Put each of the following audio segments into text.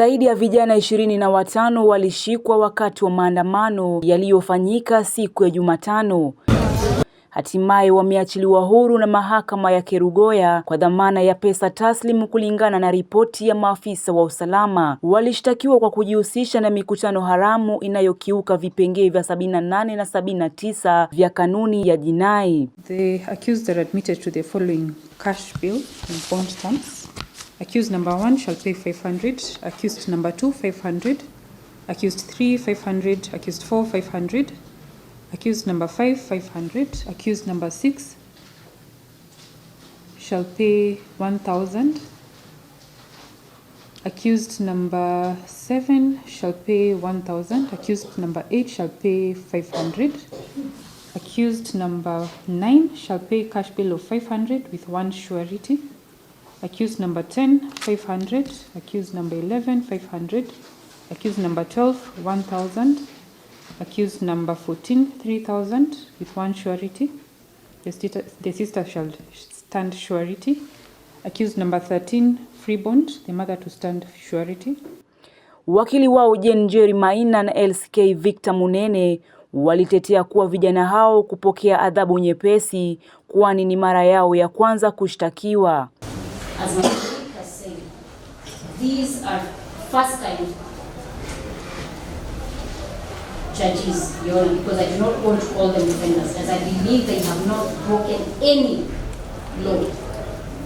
Zaidi ya vijana ishirini na watano walishikwa wakati wa maandamano yaliyofanyika siku ya Jumatano. Hatimaye wameachiliwa huru na mahakama ya Kerugoya kwa dhamana ya pesa taslimu kulingana na ripoti ya maafisa wa usalama. Walishtakiwa kwa kujihusisha na mikutano haramu inayokiuka vipengee vya 78 na 79 vya kanuni ya jinai. The accused are admitted to the following cash bill and bond terms. Accused number one shall pay 500, accused number two 500, accused three 500, accused four 500, accused number five 500, accused number six shall pay 1000, accused number seven shall pay 1000, accused number eight shall pay 500, accused number nine shall pay cash bill of 500 with one surety. accused number 10 500 accused number 11 500 accused number 12 1000 accused number 14 3000 with one surety the sister, the sister shall stand surety accused number 13 free bond the mother to stand surety Wakili wao Jen Jerry Maina na LCK Victor Munene walitetea kuwa vijana hao kupokea adhabu nyepesi kwani ni mara yao ya kwanza kushtakiwa. as my colleague has said, these are first time judges, Your Honor, because I do not want to call them defenders, as I believe they have not broken any law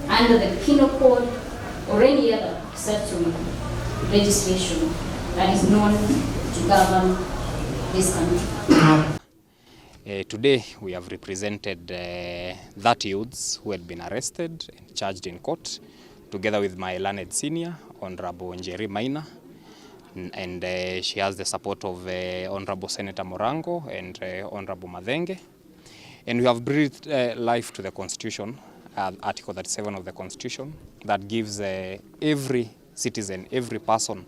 under the penal code or any other statutory legislation that is known to govern this country. Uh, today we have represented uh, eh, 30 youths who had been arrested and charged in court together with my learned senior Honorable Njeri Maina and uh, she has the support of uh, Honorable Senator Morango and uh, Honorable Madenge and we have breathed uh, life to the constitution uh, article 37 of the constitution that gives uh, every citizen every person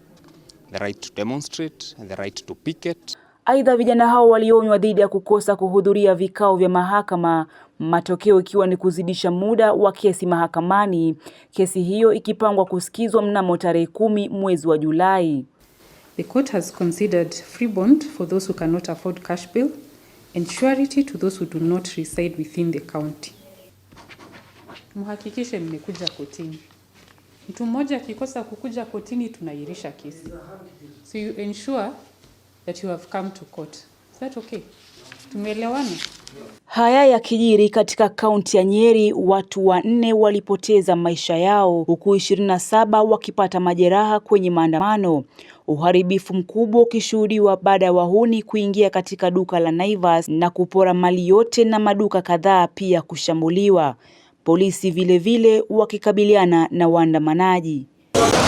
the right to demonstrate and the right to picket Aidha, vijana hao walionywa dhidi ya kukosa kuhudhuria vikao vya mahakama, matokeo ikiwa ni kuzidisha muda wa kesi mahakamani, kesi hiyo ikipangwa kusikizwa mnamo tarehe kumi mwezi wa Julai. The court has considered free bond for those who cannot afford cash bail and surety to those who do not reside within the county. Mhakikishe mmekuja kotini. Mtu mmoja akikosa kukuja kotini tunairisha kesi. So you ensure that you have come to court. Is that okay? Tumeelewana? Haya kijiri katika kaunti ya Nyeri, watu wanne walipoteza maisha yao huku 27 wakipata majeraha kwenye maandamano. Uharibifu mkubwa ukishuhudiwa baada ya wahuni kuingia katika duka la Naivas na kupora mali yote na maduka kadhaa pia kushambuliwa. Polisi vilevile vile wakikabiliana na waandamanaji.